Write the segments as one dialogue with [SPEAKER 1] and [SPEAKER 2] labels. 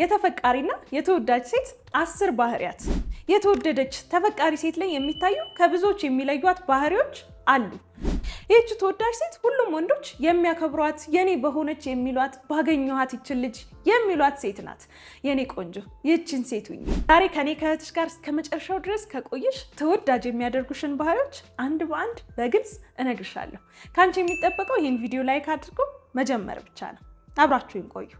[SPEAKER 1] የተፈቃሪና የተወዳጅ ሴት አስር ባህሪያት። የተወደደች ተፈቃሪ ሴት ላይ የሚታዩ ከብዙዎች የሚለዩት ባህሪዎች አሉ። ይህች ተወዳጅ ሴት ሁሉም ወንዶች የሚያከብሯት የኔ በሆነች የሚሏት ባገኘኋት ይችን ልጅ የሚሏት ሴት ናት። የኔ ቆንጆ ይህችን ሴት ሁኚ። ዛሬ ከኔ ከእህትሽ ጋር እስከ መጨረሻው ድረስ ከቆየሽ ተወዳጅ የሚያደርጉሽን ባህሪዎች አንድ በአንድ በግልጽ እነግርሻለሁ። ከአንቺ የሚጠበቀው ይህን ቪዲዮ ላይክ አድርጎ መጀመር ብቻ ነው። አብራችሁን ቆዩ።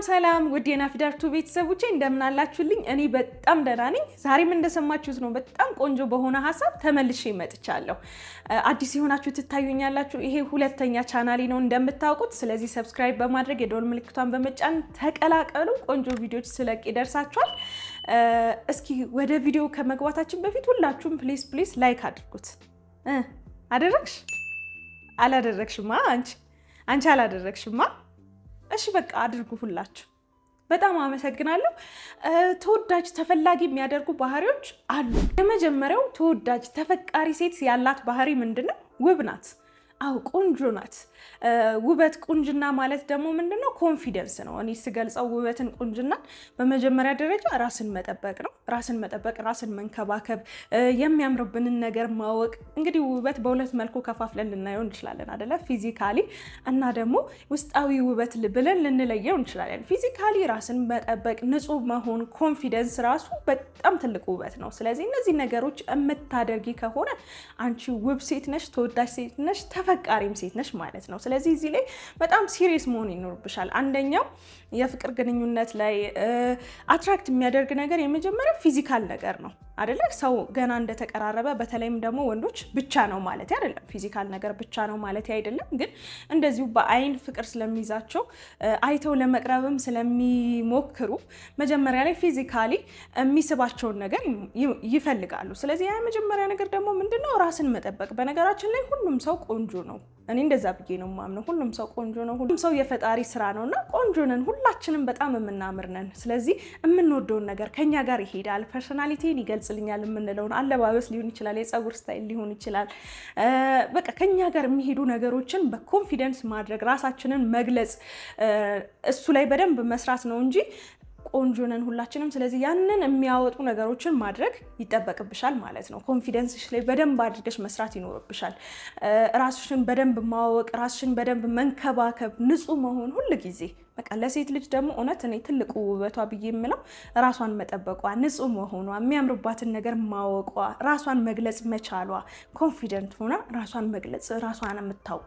[SPEAKER 1] ሰላም ሰላም ውድ የናፊዳርቱ ቤተሰቦቼ እንደምናላችሁልኝ እኔ በጣም ደህና ነኝ። ዛሬም እንደሰማችሁት ነው በጣም ቆንጆ በሆነ ሀሳብ ተመልሼ መጥቻለሁ። አዲስ የሆናችሁ ትታዩኛላችሁ። ይሄ ሁለተኛ ቻናሌ ነው እንደምታውቁት። ስለዚህ ሰብስክራይብ በማድረግ የደወል ምልክቷን በመጫን ተቀላቀሉ። ቆንጆ ቪዲዮዎች ስለቅ ይደርሳችኋል። እስኪ ወደ ቪዲዮ ከመግባታችን በፊት ሁላችሁም ፕሊስ ፕሊስ ላይክ አድርጉት። አደረግሽ አላደረግሽማ? አንቺ አንቺ አላደረግሽማ እሺ በቃ አድርጉ ሁላችሁ። በጣም አመሰግናለሁ። ተወዳጅ ተፈላጊ የሚያደርጉ ባህሪዎች አሉ። የመጀመሪያው ተወዳጅ ተፈቃሪ ሴት ያላት ባህሪ ምንድን ነው? ውብ ናት። አው ቆንጆ ናት። ውበት ቁንጅና ማለት ደግሞ ምንድነው? ኮንፊደንስ ነው። እኔ ስገልጸው ውበትን ቁንጅና በመጀመሪያ ደረጃ ራስን መጠበቅ ነው። ራስን መጠበቅ፣ ራስን መንከባከብ፣ የሚያምርብንን ነገር ማወቅ። እንግዲህ ውበት በሁለት መልኩ ከፋፍለን ልናየው እንችላለን አደለ? ፊዚካሊ እና ደግሞ ውስጣዊ ውበት ብለን ልንለየው እንችላለን። ፊዚካሊ ራስን መጠበቅ፣ ንጹህ መሆን፣ ኮንፊደንስ ራሱ በጣም ትልቅ ውበት ነው። ስለዚህ እነዚህ ነገሮች የምታደርጊ ከሆነ አንቺ ውብ ሴት ነሽ፣ ተወዳጅ ሴት ነሽ። ተፈቃሪም ሴት ነሽ ማለት ነው። ስለዚህ እዚህ ላይ በጣም ሲሪየስ መሆን ይኖርብሻል። አንደኛው የፍቅር ግንኙነት ላይ አትራክት የሚያደርግ ነገር የመጀመሪያው ፊዚካል ነገር ነው። አደለ ሰው ገና እንደተቀራረበ በተለይም ደግሞ ወንዶች ብቻ ነው ማለት አይደለም፣ ፊዚካል ነገር ብቻ ነው ማለት አይደለም። ግን እንደዚሁ በአይን ፍቅር ስለሚይዛቸው አይተው ለመቅረብም ስለሚሞክሩ መጀመሪያ ላይ ፊዚካሊ የሚስባቸውን ነገር ይፈልጋሉ። ስለዚህ ያ መጀመሪያ ነገር ደግሞ ምንድነው? ራስን መጠበቅ። በነገራችን ላይ ሁሉም ሰው ቆንጆ ነው። እኔ እንደዛ ብዬ ነው የማምነው። ሁሉም ሰው ቆንጆ ነው። ሁሉም ሰው የፈጣሪ ስራ ነው እና ቆንጆ ነን። ሁላችንም በጣም የምናምር ነን። ስለዚህ የምንወደውን ነገር ከኛ ጋር ይሄዳል፣ ፐርሶናሊቲን ይገልጻል ይመስልኛል የምንለውን አለባበስ ሊሆን ይችላል፣ የፀጉር ስታይል ሊሆን ይችላል። በቃ ከኛ ጋር የሚሄዱ ነገሮችን በኮንፊደንስ ማድረግ ራሳችንን መግለጽ እሱ ላይ በደንብ መስራት ነው እንጂ ቆንጆ ነን ሁላችንም። ስለዚህ ያንን የሚያወጡ ነገሮችን ማድረግ ይጠበቅብሻል ማለት ነው። ኮንፊደንስሽ ላይ በደንብ አድርገሽ መስራት ይኖርብሻል። ራስሽን በደንብ ማወቅ፣ ራስሽን በደንብ መንከባከብ፣ ንጹህ መሆን ሁል ጊዜ በቃ ለሴት ልጅ ደግሞ እውነት እኔ ትልቁ ውበቷ ብዬ የምለው ራሷን መጠበቋ፣ ንጹህ መሆኗ፣ የሚያምርባትን ነገር ማወቋ፣ ራሷን መግለጽ መቻሏ፣ ኮንፊደንት ሆና ራሷን መግለጽ፣ ራሷን የምታውቅ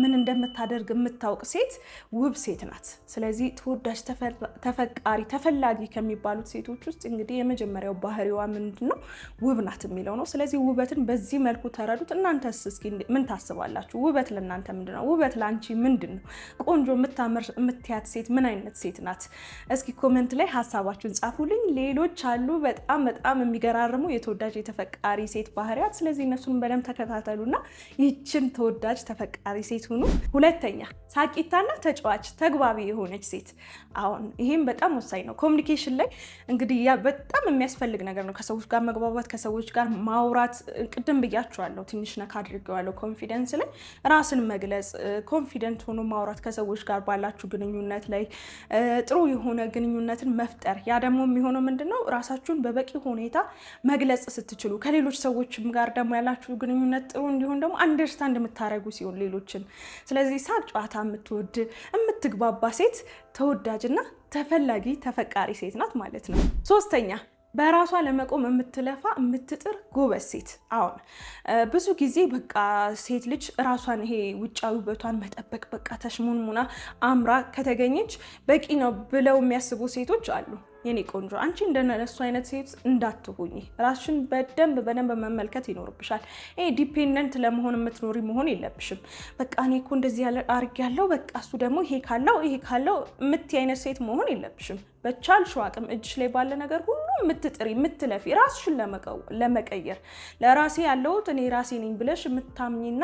[SPEAKER 1] ምን እንደምታደርግ የምታውቅ ሴት ውብ ሴት ናት። ስለዚህ ተወዳጅ፣ ተፈቃሪ፣ ተፈላጊ ከሚባሉት ሴቶች ውስጥ እንግዲህ የመጀመሪያው ባህሪዋ ምንድን ነው? ውብ ናት የሚለው ነው። ስለዚህ ውበትን በዚህ መልኩ ተረዱት። እናንተስ እስኪ ምን ታስባላችሁ? ውበት ለእናንተ ምንድን ነው? ውበት ለአንቺ ምንድን ነው? ቆንጆ የምታምር የምትያት ሴት ምን አይነት ሴት ናት? እስኪ ኮመንት ላይ ሀሳባችሁን ጻፉልኝ። ሌሎች አሉ በጣም በጣም የሚገራርሙ የተወዳጅ የተፈቃሪ ሴት ባህሪያት። ስለዚህ እነሱን በደንብ ተከታተሉና ይችን ተወዳጅ ተፈቃሪ ሴት ሁኑ። ሁለተኛ ሳቂታና ተጫዋች ተግባቢ የሆነች ሴት። አሁን ይህም በጣም ወሳኝ ነው። ኮሚኒኬሽን ላይ እንግዲህ ያ በጣም የሚያስፈልግ ነገር ነው። ከሰዎች ጋር መግባባት፣ ከሰዎች ጋር ማውራት። ቅድም ብያችኋለሁ፣ ትንሽ ነካ አድርጌዋለሁ። ኮንፊደንስ ላይ ራስን መግለጽ፣ ኮንፊደንት ሆኖ ማውራት ከሰዎች ጋር ባላችሁ ግንኙነት ላይ ጥሩ የሆነ ግንኙነትን መፍጠር። ያ ደግሞ የሚሆነው ምንድን ነው? ራሳችሁን በበቂ ሁኔታ መግለጽ ስትችሉ፣ ከሌሎች ሰዎችም ጋር ደግሞ ያላችሁ ግንኙነት ጥሩ እንዲሆን ደግሞ አንደርስታንድ የምታደረጉ ሲሆን ሌሎችን። ስለዚህ ሳቅ ጨዋታ የምትወድ የምትግባባ ሴት ተወዳጅና ተፈላጊ ተፈቃሪ ሴት ናት ማለት ነው። ሶስተኛ በራሷ ለመቆም የምትለፋ የምትጥር ጎበዝ ሴት። አሁን ብዙ ጊዜ በቃ ሴት ልጅ ራሷን ይሄ ውጫዊ ውበቷን መጠበቅ በቃ ተሽሙንሙና አምራ ከተገኘች በቂ ነው ብለው የሚያስቡ ሴቶች አሉ። የኔ ቆንጆ አንቺ እንደነሱ አይነት ሴት እንዳትሆኝ ራስሽን በደንብ በደንብ መመልከት ይኖርብሻል። ይሄ ዲፔንደንት ለመሆን የምትኖሪ መሆን የለብሽም። በቃ እኔ እኮ እንደዚህ ያለው በቃ እሱ ደግሞ ይሄ ካለው ይሄ ካለው የምትይ አይነት ሴት መሆን የለብሽም። በቻልሽው አቅም እጅሽ ላይ ባለ ነገር ሁሉ የምትጥሪ የምትለፊ፣ ራስሽን ለመቀየር ለራሴ ያለሁት እኔ ራሴ ነኝ ብለሽ የምታምኝና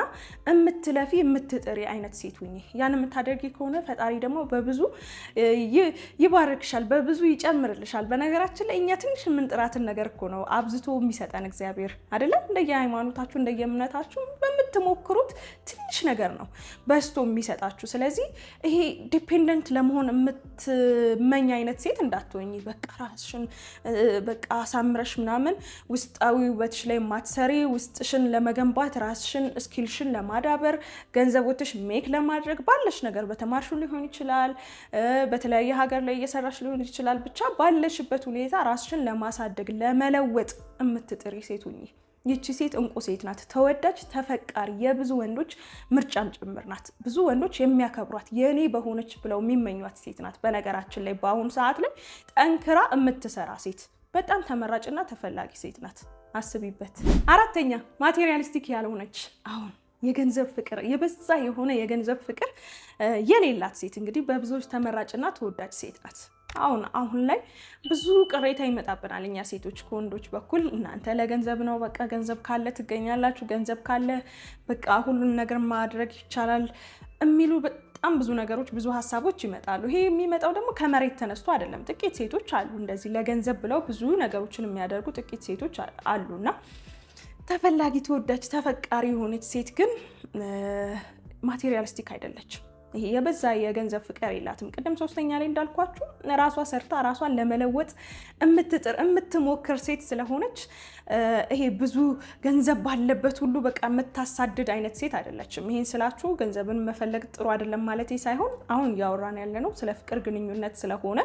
[SPEAKER 1] የምትለፊ የምትጥሪ አይነት ሴት ሁኚ። ያን የምታደርጊ ከሆነ ፈጣሪ ደግሞ በብዙ ይባርክሻል፣ በብዙ ይጨምር ይጨምርልሻል። በነገራችን ላይ እኛ ትንሽ የምንጥራትን ነገር እኮ ነው አብዝቶ የሚሰጠን እግዚአብሔር አይደለም። እንደየ እንደየእምነታችሁ እንደየ በምትሞክሩት ትንሽ ነገር ነው በስቶ የሚሰጣችሁ። ስለዚህ ይሄ ዲፔንደንት ለመሆን የምትመኝ አይነት ሴት እንዳትሆኝ። በቃ ራስሽን በቃ አሳምረሽ ምናምን ውስጣዊ ውበትሽ ላይ ማትሰሪ፣ ውስጥሽን ለመገንባት ራስሽን ስኪልሽን ለማዳበር ገንዘቦትሽ ሜክ ለማድረግ ባለሽ ነገር በተማርሹ ሊሆን ይችላል፣ በተለያየ ሀገር ላይ እየሰራሽ ሊሆን ይችላል ብቻ ባለሽበት ሁኔታ ራስሽን ለማሳደግ ለመለወጥ የምትጥሪ ሴት ሁኚ። ይቺ ሴት እንቁ ሴት ናት። ተወዳጅ፣ ተፈቃሪ፣ የብዙ ወንዶች ምርጫም ጭምር ናት። ብዙ ወንዶች የሚያከብሯት የኔ በሆነች ብለው የሚመኟት ሴት ናት። በነገራችን ላይ በአሁኑ ሰዓት ላይ ጠንክራ የምትሰራ ሴት በጣም ተመራጭና ተፈላጊ ሴት ናት። አስቢበት። አራተኛ ማቴሪያሊስቲክ ያልሆነች አሁን የገንዘብ ፍቅር የበዛ የሆነ የገንዘብ ፍቅር የሌላት ሴት እንግዲህ በብዙዎች ተመራጭና ተወዳጅ ሴት ናት። አሁን አሁን ላይ ብዙ ቅሬታ ይመጣብናል እኛ ሴቶች ከወንዶች በኩል። እናንተ ለገንዘብ ነው በቃ ገንዘብ ካለ ትገኛላችሁ፣ ገንዘብ ካለ በቃ ሁሉን ነገር ማድረግ ይቻላል የሚሉ በጣም ብዙ ነገሮች፣ ብዙ ሀሳቦች ይመጣሉ። ይሄ የሚመጣው ደግሞ ከመሬት ተነስቶ አይደለም። ጥቂት ሴቶች አሉ እንደዚህ ለገንዘብ ብለው ብዙ ነገሮችን የሚያደርጉ ጥቂት ሴቶች እና ተፈላጊ ተወዳጅ ተፈቃሪ የሆነች ሴት ግን ማቴሪያሊስቲክ አይደለችም። ይሄ የበዛ የገንዘብ ፍቅር የላትም። ቅድም ሶስተኛ ላይ እንዳልኳችሁ ራሷ ሰርታ ራሷን ለመለወጥ የምትጥር የምትሞክር ሴት ስለሆነች ይሄ ብዙ ገንዘብ ባለበት ሁሉ በቃ የምታሳድድ አይነት ሴት አይደለችም። ይሄን ስላችሁ ገንዘብን መፈለግ ጥሩ አይደለም ማለት ሳይሆን አሁን እያወራን ያለነው ስለ ፍቅር ግንኙነት ስለሆነ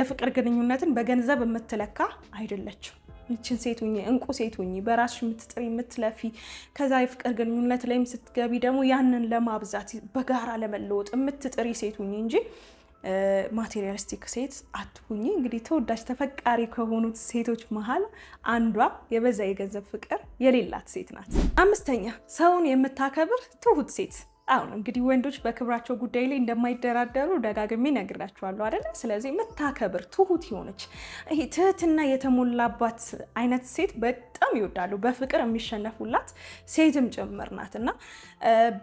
[SPEAKER 1] የፍቅር ግንኙነትን በገንዘብ የምትለካ አይደለችም። ይችን ሴት ሁኚ፣ እንቁ ሴት ሁኚ፣ በራስሽ የምትጥሪ የምትለፊ። ከዛ የፍቅር ግንኙነት ላይም ስትገቢ ደግሞ ያንን ለማብዛት በጋራ ለመለወጥ የምትጥሪ ሴት ሁኚ እንጂ ማቴሪያሊስቲክ ሴት አትሁኚ። እንግዲህ ተወዳጅ ተፈቃሪ ከሆኑት ሴቶች መሀል አንዷ የበዛ የገንዘብ ፍቅር የሌላት ሴት ናት። አምስተኛ ሰውን የምታከብር ትሁት ሴት አሁን እንግዲህ ወንዶች በክብራቸው ጉዳይ ላይ እንደማይደራደሩ ደጋግሜ ነግራቸዋለሁ አይደለ? ስለዚህ የምታከብር ትሁት የሆነች ይሄ ትህትና የተሞላባት አይነት ሴት በጣም ይወዳሉ። በፍቅር የሚሸነፉላት ሴትም ጭምር ናት እና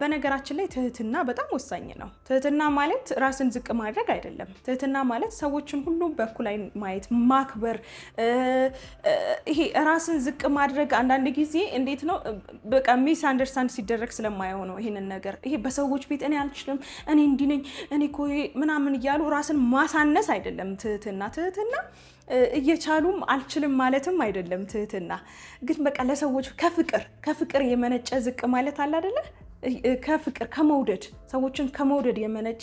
[SPEAKER 1] በነገራችን ላይ ትህትና በጣም ወሳኝ ነው። ትህትና ማለት ራስን ዝቅ ማድረግ አይደለም። ትህትና ማለት ሰዎችን ሁሉ በኩል ማየት፣ ማክበር። ይሄ ራስን ዝቅ ማድረግ አንዳንድ ጊዜ እንዴት ነው በቃ ሚስ አንደርስታንድ ሲደረግ ስለማይሆነው ይህንን ነገር ይሄ በሰዎች ፊት እኔ አልችልም፣ እኔ እንዲህ ነኝ፣ እኔ እኮ ምናምን እያሉ ራስን ማሳነስ አይደለም ትህትና። ትህትና እየቻሉም አልችልም ማለትም አይደለም ትህትና። ግን በቃ ለሰዎች ከፍቅር ከፍቅር የመነጨ ዝቅ ማለት አለ አይደለ ከፍቅር ከመውደድ ሰዎችን ከመውደድ የመነጨ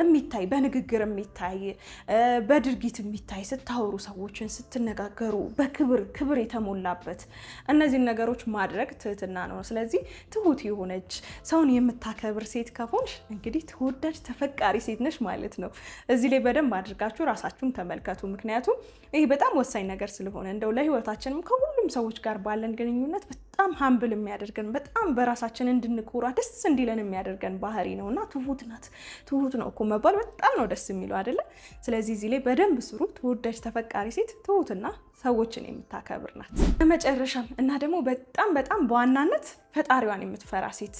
[SPEAKER 1] የሚታይ በንግግር የሚታይ በድርጊት የሚታይ ስታወሩ ሰዎችን ስትነጋገሩ በክብር ክብር የተሞላበት እነዚህን ነገሮች ማድረግ ትህትና ነው። ስለዚህ ትሁት የሆነች ሰውን የምታከብር ሴት ከሆንሽ እንግዲህ ተወዳጅ ተፈቃሪ ሴት ነሽ ማለት ነው። እዚህ ላይ በደንብ አድርጋችሁ ራሳችሁን ተመልከቱ። ምክንያቱም ይህ በጣም ወሳኝ ነገር ስለሆነ እንደው ለህይወታችንም ከሁሉ ከሁሉም ሰዎች ጋር ባለን ግንኙነት በጣም ሀምብል የሚያደርገን በጣም በራሳችን እንድንኮራ ደስ እንዲለን የሚያደርገን ባህሪ ነው እና ትሁት ናት ትሁት ነው እኮ መባል በጣም ነው ደስ የሚለው አይደለ? ስለዚህ እዚህ ላይ በደንብ ስሩ። ተወዳጅ ተፈቃሪ ሴት ትሁትና ሰዎችን የምታከብር ናት። በመጨረሻም እና ደግሞ በጣም በጣም በዋናነት ፈጣሪዋን የምትፈራ ሴት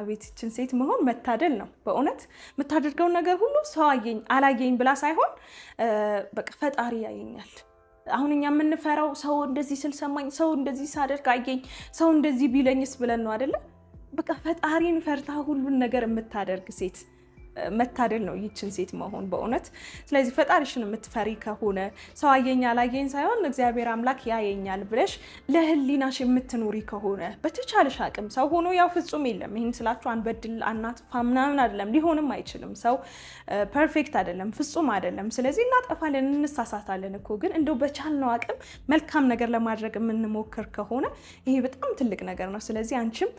[SPEAKER 1] አቤትችን ሴት መሆን መታደል ነው በእውነት የምታደርገውን ነገር ሁሉ ሰው አየኝ አላየኝ ብላ ሳይሆን በቃ ፈጣሪ ያየኛል አሁን እኛ የምንፈራው ሰው እንደዚህ ስልሰማኝ፣ ሰው እንደዚህ ሳደርግ አየኝ፣ ሰው እንደዚህ ቢለኝስ ብለን ነው አይደለ? በቃ ፈጣሪን ፈርታ ሁሉን ነገር የምታደርግ ሴት መታደል ነው ይችን ሴት መሆን በእውነት። ስለዚህ ፈጣሪሽን የምትፈሪ ከሆነ ሰው አየኝ አላየኝ ሳይሆን እግዚአብሔር አምላክ ያየኛል ብለሽ ለህሊናሽ የምትኖሪ ከሆነ በተቻለሽ አቅም ሰው ሆኖ ያው ፍጹም የለም። ይህን ስላችሁ አንበድል አናጥፋ ምናምን አይደለም፣ ሊሆንም አይችልም። ሰው ፐርፌክት አይደለም፣ ፍጹም አይደለም። ስለዚህ እናጠፋለን፣ እንሳሳታለን እኮ ግን እንደው በቻልነው አቅም መልካም ነገር ለማድረግ የምንሞክር ከሆነ ይሄ በጣም ትልቅ ነገር ነው። ስለዚህ አንቺም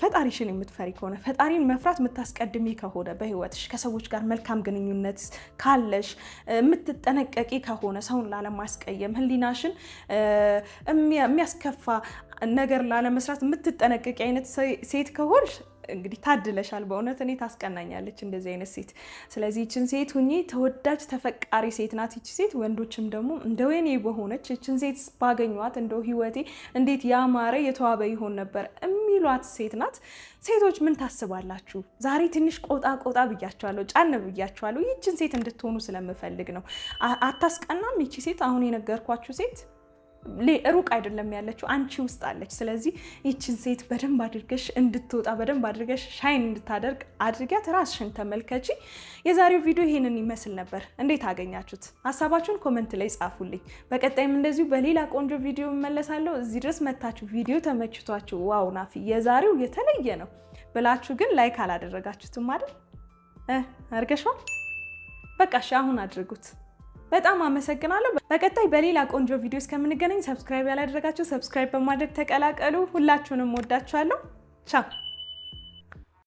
[SPEAKER 1] ፈጣሪሽን የምትፈሪ ከሆነ ፈጣሪን መፍራት የምታስቀድሚ ከሆነ በህይወት ህይወትሽ ከሰዎች ጋር መልካም ግንኙነት ካለሽ የምትጠነቀቂ ከሆነ ሰውን ላለማስቀየም ህሊናሽን የሚያስከፋ ነገር ላለመስራት የምትጠነቀቂ አይነት ሴት ከሆንሽ እንግዲህ ታድለሻል። በእውነት እኔ ታስቀናኛለች እንደዚህ አይነት ሴት። ስለዚህ ይችን ሴት ሁኚ፣ ተወዳጅ ተፈቃሪ ሴት ናት ይች ሴት። ወንዶችም ደግሞ እንደ ወይኔ በሆነች ይችን ሴት ባገኟት እንደ ህይወቴ እንዴት ያማረ የተዋበ ይሆን ነበር የሚሏት ሴት ናት። ሴቶች ምን ታስባላችሁ? ዛሬ ትንሽ ቆጣ ቆጣ ብያቸዋለሁ፣ ጫን ብያቸዋለሁ። ይችን ሴት እንድትሆኑ ስለምፈልግ ነው። አታስቀናም ይቺ ሴት አሁን የነገርኳችሁ ሴት ሩቅ አይደለም ያለችው አንቺ ውስጥ አለች። ስለዚህ ይችን ሴት በደንብ አድርገሽ እንድትወጣ በደንብ አድርገሽ ሻይን እንድታደርግ አድርጊያት፣ ራስሽን ተመልከቺ። የዛሬው ቪዲዮ ይሄንን ይመስል ነበር። እንዴት አገኛችሁት? ሀሳባችሁን ኮመንት ላይ ጻፉልኝ። በቀጣይም እንደዚሁ በሌላ ቆንጆ ቪዲዮ እመለሳለሁ። እዚህ ድረስ መታችሁ ቪዲዮ ተመችቷችሁ፣ ዋው ናፊ የዛሬው የተለየ ነው ብላችሁ ግን ላይክ አላደረጋችሁትም አይደል? አድርገሻል። በቃ እሺ፣ አሁን አድርጉት። በጣም አመሰግናለሁ። በቀጣይ በሌላ ቆንጆ ቪዲዮ እስከምንገናኝ ሰብስክራይብ ያላደረጋችሁ ሰብስክራይብ በማድረግ ተቀላቀሉ። ሁላችሁንም ወዳችኋለሁ። ቻው